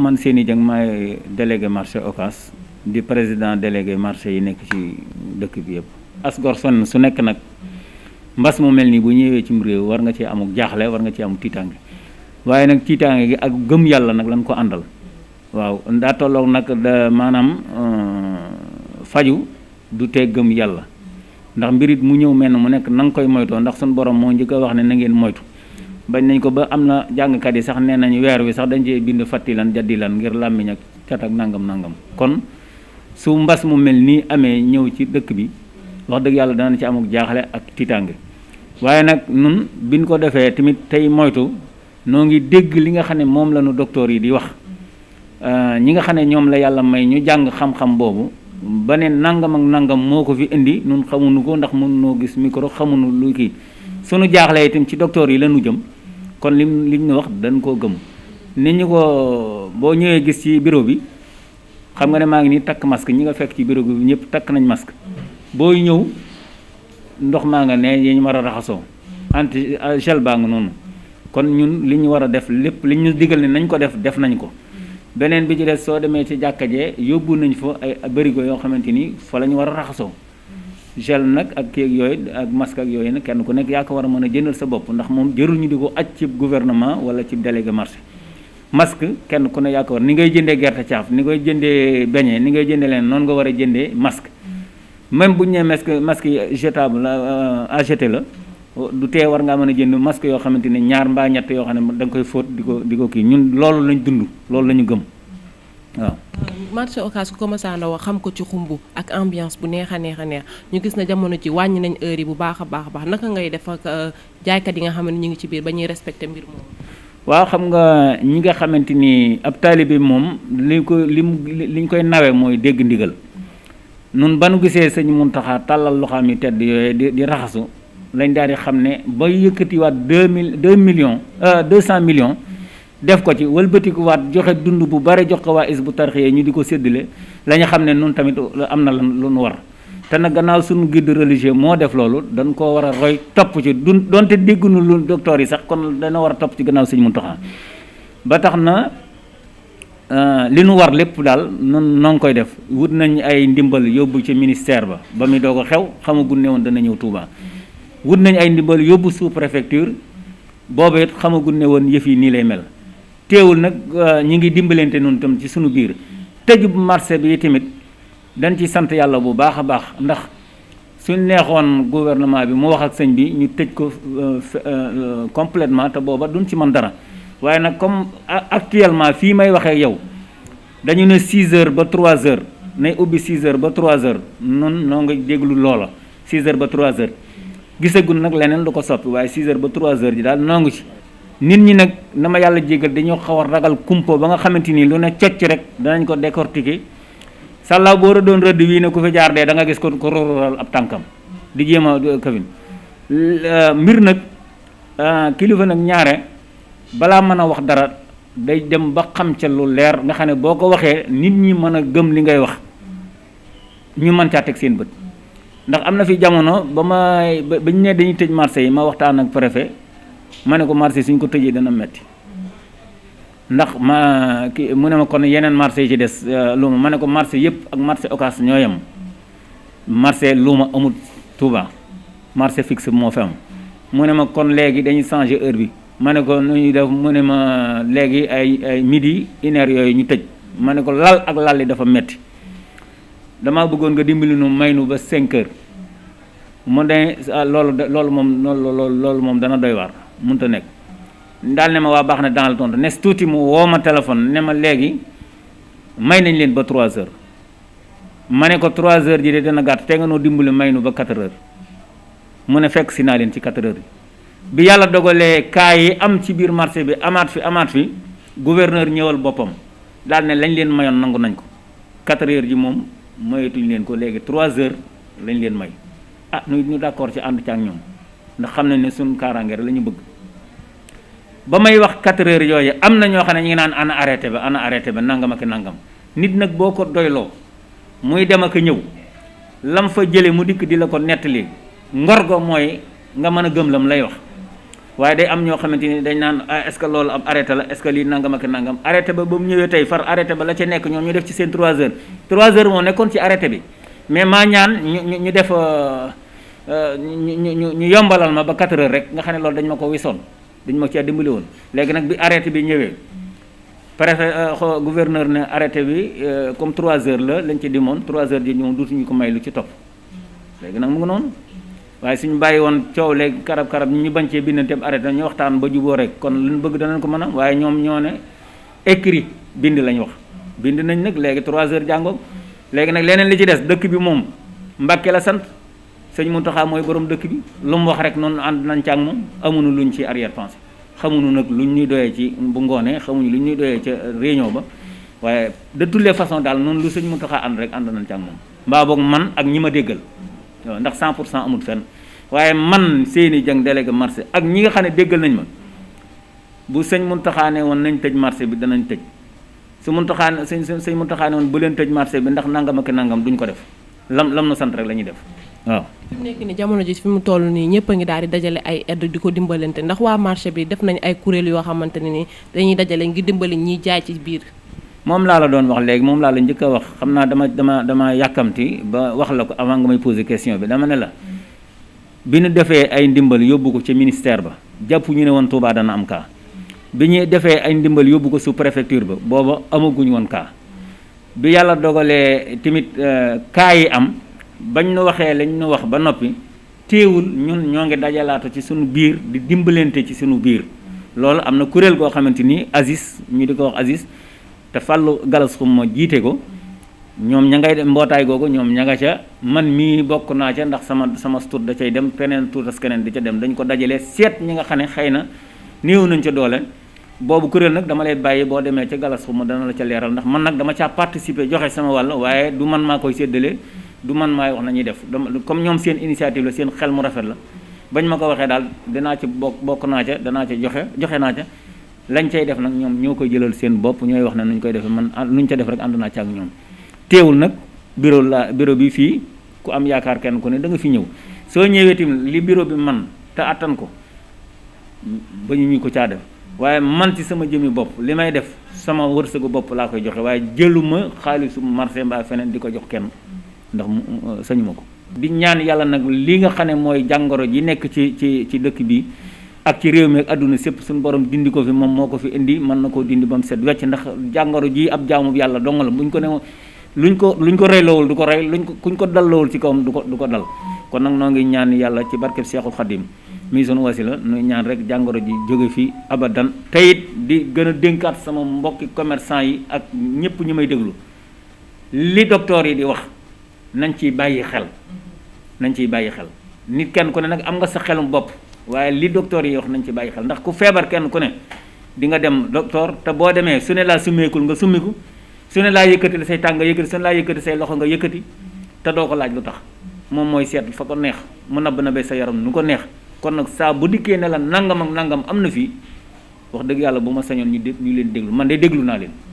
man Seny Dieng maay délégué marché Ocass di président délégué marché yi nekk ci dëkk bi yëpp as gor su nekk nag mbas mu mel nii bu ñëwee cim réew war nga ci amuk jaaxle war nga ci amuk tiitaange waaye nag tiitaange gi ak gëm yàlla nag lañ ko àndal waaw daa tolloog nag da maanaam euh, faju du tee gëm yàlla ndax mbirit mu ñëw mel mu nekk na nga koy moytoo ndax suñu borom moo njëkk a wax ne na moytu bañ nañ ko ba am na jàngkat yi sax nee nañu weer wi sax dañ cee bind lan fattilan jaddilan ngir làmmiñ ak cat ak nangam nangam kon su mbas mu mel nii amee ñëw ci dëkk bi wax dëgg yàlla danañ ci amuk jaaxle ak tiitaange waaye nag nun biñ ko defee tamit tey moytu noo ngi dégg li nga xam ne moom la nu docteur yi di wax euh, ñi nga xam ne ñoom la yàlla may ñu jàng xam-xam boobu ba ne nangam ak nangam moo ko fi indi nun xamuñu ko ndax mënu noo gis micro xamuñu lu kii sunu jaaxle itam ci docteur yi la nu jëm kon lim li ñu wax dañ koo gëm nit ñu ko boo ñëwee gis ci bureau bi xam nga ne maa ngi nii takk masque ñi nga fekk ci bureau bi ñëpp takk nañ masque booy ñëw ndox maa nga ne yi ñu war a raxasoo anti gel baa nga noonu kon ñun li ñu war a def lépp li ñu digal ne nañ ko def def nañ ko beneen bi ci des soo demee ci jàkka jee yóbbu nañ fa ay barigo yoo xamante ni fa la ñu war a raxasoo gel nag ak kéeg yooyu ak masque ak yooyu nag kenn ku nekk yaa ko war a mën a jëndal sa bopp ndax moom jërul ñu di ko aj ci gouvernement wala ci délégué marché masque kenn ku ne yaa ko war ni ngay jëndee gerte caaf ni ngay jëndee beñe ni ngay jëndee leen noonu nga war a jëndee masque même bu ñu nee masque masque yi jetable à euh, la du tee war ngaa mën a jënd masque yoo xamante ne ñaar mbaa ñett yoo xam ne da nga koy fóot di ko di ko kii ñun loolu lañ dund loolu la ñu gëm marché Ocass ku ko mësaan a wax xam ko ci xumb ak ambiance bu neex a neex a neex ñu gis na jamono ci wàññi nañ heure yi bu baax a baax a baax naka ngay def ak euh, jaaykat yi nga xam ne ñu ngi ci biir ba ñuy respecté mbir waaw xam nga ñi nga xamante ni ab taalibe moom li ko li mu li ñu koy nawe mooy dégg ndigal nun ba nu gisee mun tax tàllal loxaam yi tedd yooyu di di raxasu lañ daal di xam ne ba yëkkatiwaat deux mille deux millions euh, deux cent millions def ko ci wëlbatikuwaat joxe dund bu bare jox ko waa is bu Hizbut Tarqiyyah ñu di ko séddale la ñu xam ne nun tamit am na lu nu war te na gannaaw suñu guide religieux moo def loolu dañ koo war a roy topp ci dund donte déggunu lu docteur yi sax kon dana war a topp ci gannaaw Sëñ Muntaxa ba tax na euh, li nu war lépp daal nun noo koy def wut nañ ay ndimbal yóbbu ci ministère ba ba muy doog a xew xamaguñ ne woon dana ñëw Touba wut nañ ay ndimbal yóbbu sous préfecture boobu it ne woon yëf yi nii lay mel teewul nag euh, ñi ngi dimbalante noonu tam ci sunu biir tëjub marché bi tamit dañ ci sant yàlla bu baax a baax ndax suñ neexoon gouvernement bi mu wax ak sëñ bi ñu tëj ko euh, euh, complètement te booba duñ ci man dara waaye nag comme actuellement fii may waxee yow dañu ne 6 heures ba 3 heures nay ubbi 6 heures ba 3 heures noon noo nga déglu loola 6 heures ba 3 heures gisagul nag leneen lu ko soppi waaye 6 heures ba 3 heures ji daal noo ci nit ñi nag na ma yàlla jégal dañoo xaw a ragal kumpa ba nga xamante ni lu ne cocc rek danañ ko décortiquer sàllaaw boo rëddoon rëdd wii ne ku fi jaar dee da nga gis ko ko ab tànkam di jéem a euh, kawin euh, mbir nag euh, kilifa nag ñaare balaa mën a wax dara day dem ba xam ca lu leer nga xam ne boo ko waxee nit ñi mën a gëm li ngay wax ñu mën caa teg seen bët ndax am na fi jamono ba ma ba ñu ne dañuy tëj marché yi ma waxtaan ak préfet ma ne ko marché suñ ko tëjee dana metti ndax ma ki mu ne ma kon yeneen marché yi ci des euh, luuma ma ne ko marché yëpp ak marché occas ñoo yem marché luuma amul Touba marché fixe moo fi mu ne ma kon léegi dañuy changer heure bi ma ne ko nu ñuy def mu ne ma léegi ay ay midi une heure yooyu ñu tëj ma ne ko lal ak lal yi dafa metti damaa bëggoon nga dimbali nu may ba cinq heures mu ne ah, loolu loolu moom loolu loolu moom dana doy waar. mënut a nekk daal ne ma waa baax na danga la tontu nes tuuti mu woo ma téléphone ne ma léegi may nañ leen ba 3 heures ma ne ko 3 heures ji de dana gàtt te nga noo dimbali may nu ba 4 heures mu ne fekk si naa leen ci 4 heures bi yàlla dogalee kaa yi am ci biir marché bi amaat fi amaat fi gouverneur ñëwal boppam daal ne lañ leen mayoon nangu nañ ko 4 heures ji moom mayetuñ leen ko léegi 3 heures lañ leen may ah ñu ñu d'accord ci ànd ci ak ñoom ndax xam nañ ne suñ kaaraangeer la ñu bëgg ba may wax 4 heures yooyu am na ñoo xam ne ñu ngi naan ana arrêté ba ana arrêté ba nangam ak nit nag boo ko doyloo muy dem ak ñëw lam fa jële mu dikk di la ko nettali ngor mooy nga mën a gëm lam lay wax waaye day am ñoo xam ni dañ naan ah, est-ce que loolu ab arrêté la est lii nangam ak nangam arrêté ba ba mu ñëwee tey far arrêté ba la ca nekk ñoom ñu def ci seen 3 heures 3 heures moo nekkoon ci arrêté bi mais maa ñaan ñu ñu def euh, euh, ñu ñu ñu yombalal ma ba 4 heures rek nga xam ne loolu dañ ma ko wisoon dañ ma cee dimbali woon léegi nag bi arrêté bi ñëwee préfet euh, gouverneur ne arrêté bi euh, comme 3 heures la lañ ci dimoon trois heures ji ñëw dootuñu ko may lu ci topp léegi nag mu ngi noonu waaye suñu bàyyi woon coow léegi karab-karab ñu bañ cee bindante bi arrêté ñu waxtaan ba juboo rek kon lu ñu bëgg danañ ko mën a waaye ñoom ñoo ne écrit bind lañ wax bind nañ nag léegi trois heures jàngoog léegi nag leneen li ci des dëkk bi moom Mbàkke la sant sëñ Mountakha mooy boroom dëkk bi lu mu wax rek noonu ànd nañ ci ak moom amuñu luñ ci arrière xamuñu nag luñ ñuy doyee ci bu ngoonee xamuñu luñ ñuy doyee ca réunion ba waaye de toutes façon daal noonu lu sëñ Mountakha ànd rek ànd nañ ci ak moom. man ak ñi ma déggal ndax 100 pour cent amul fenn waaye man seeni jàng délégué marché ak ñi nga xam ne déggal nañ ma bu sëñ Mountakha ne woon nañ tëj marché bi danañ tëj su Mountakha ne sëñ sëñ Mountakha ne woon bu leen tëj marché bi ndax nangam ak nangam duñ ko def lam lam na sant rek lañuy def waaw. fi mu jamono ji fi mu toll nii ñëpp ngi daal di dajale ay aide di ko dimbalante ndax waa marché bi def nañ ay kuréel yoo xamante ne ni dañuy dajale ngi dimbali ñuy jaay ci biir. moom laa la doon wax léegi moom laa la njëkk a wax xam naa dama dama dama yàkkamti ba wax la ko avant nga may poser question bi dama ne la bi ñu defee ay ndimbal yóbbu ko ci ministère ba jàpp ñu ne woon Touba dana am cas bi ñu defee ay ndimbal yóbbu ko su préfecture ba booba amaguñ woon cas bi yàlla dogalee tamit euh, cas yi am. bañ nu waxee lañ nu wax ba noppi téewul ñun ñoo ngi dajalaatu ci suñu biir di dimbalante ci sunu biir loolu am na kuréel goo xamante ni Aziz ñu di ko wax Aziz te Fallou Galas Khouma jiite ko ñoom ña ngay dem mbootaay googu ñoom ña nga ca man mii bokk naa ca ndax sama sama tur da cay dem keneen tur as keneen di ca dem dañ ko dajalee seet ñi nga xam ne xëy na néew nañ ca doole boobu kuréel nag dama lay bàyyi boo demee ca Galas ma dana la ca leeral ndax man nag dama caa participer joxe sama wàll waaye du man maa koy séddale du man maay wax nañuy def comme ñoom seen initiative la seen xel mu rafet la bañ ma ko waxee daal dinaa ci bokk bokk naa ca danaa ca joxe joxe naa ca lañ cay def nag ñoom ñoo koy jëlal seen bopp ñooy wax ne nuñ koy defee man ah nuñ ca def rek ànd ak ñoom teewul nag bureau la bureau bi fii ku am yaakaar kenn ku ne da nga fi ñëw soo ñëwee tamit li bureau bi man te attan ko ba ñu ko caa def waaye man ci sama jëmmi bopp li may def sama wërsëgu bopp laa koy joxe waaye jëluma xaalisu marché mbaa feneen di ko jox kenn ndax uh, sañu ma ko di ñaan yàlla nag li nga xam ne mooy jàngoro ji nekk ci ci ci dëkk bi ak ci réew mi ak àdduna sépp suñ borom dindi ko fi moom moo ko fi indi mën na koo dindi ba mu set wecc ndax jàngoro ji ab jaamu yàlla dong la buñ ko ne luñ ko luñ ko reylawul du ko rey luñ ko kuñ ko dallawul ci kawam du ko du ko dal kon nag noo ngi ñaan yàlla ci barkeb Seexul Xadim mii sunu wasila nu ñaan rek jàngoro ji jóge fi abadan teyit di gën a dénkaat sama mbokki commerçant yi ak ñëpp ñu may déglu li docteur yi di wax nañ ciy bàyyi xel nañ ciy bàyyi xel nit kenn ku ne nag am nga sa xelum bopp waaye li docteur yi wax nañ ci bàyyi xel ndax ku feebar kenn ku ne di nga dem docteur te boo demee su ne laa summeekul nga summiku su ne laa yëkkati say tàng nga yëkkati su ne laa yëkkati say loxo nga yëkkati te doo ko laaj lu tax moom mooy seet fa ko neex mu nabb na ba sa yaram nu ko neex kon nag saa bu dikkee ne la nangam ak nangam am na fii wax dëgg yàlla bu ma sañoon ñu dé ñu leen déglu man de déglu naa leen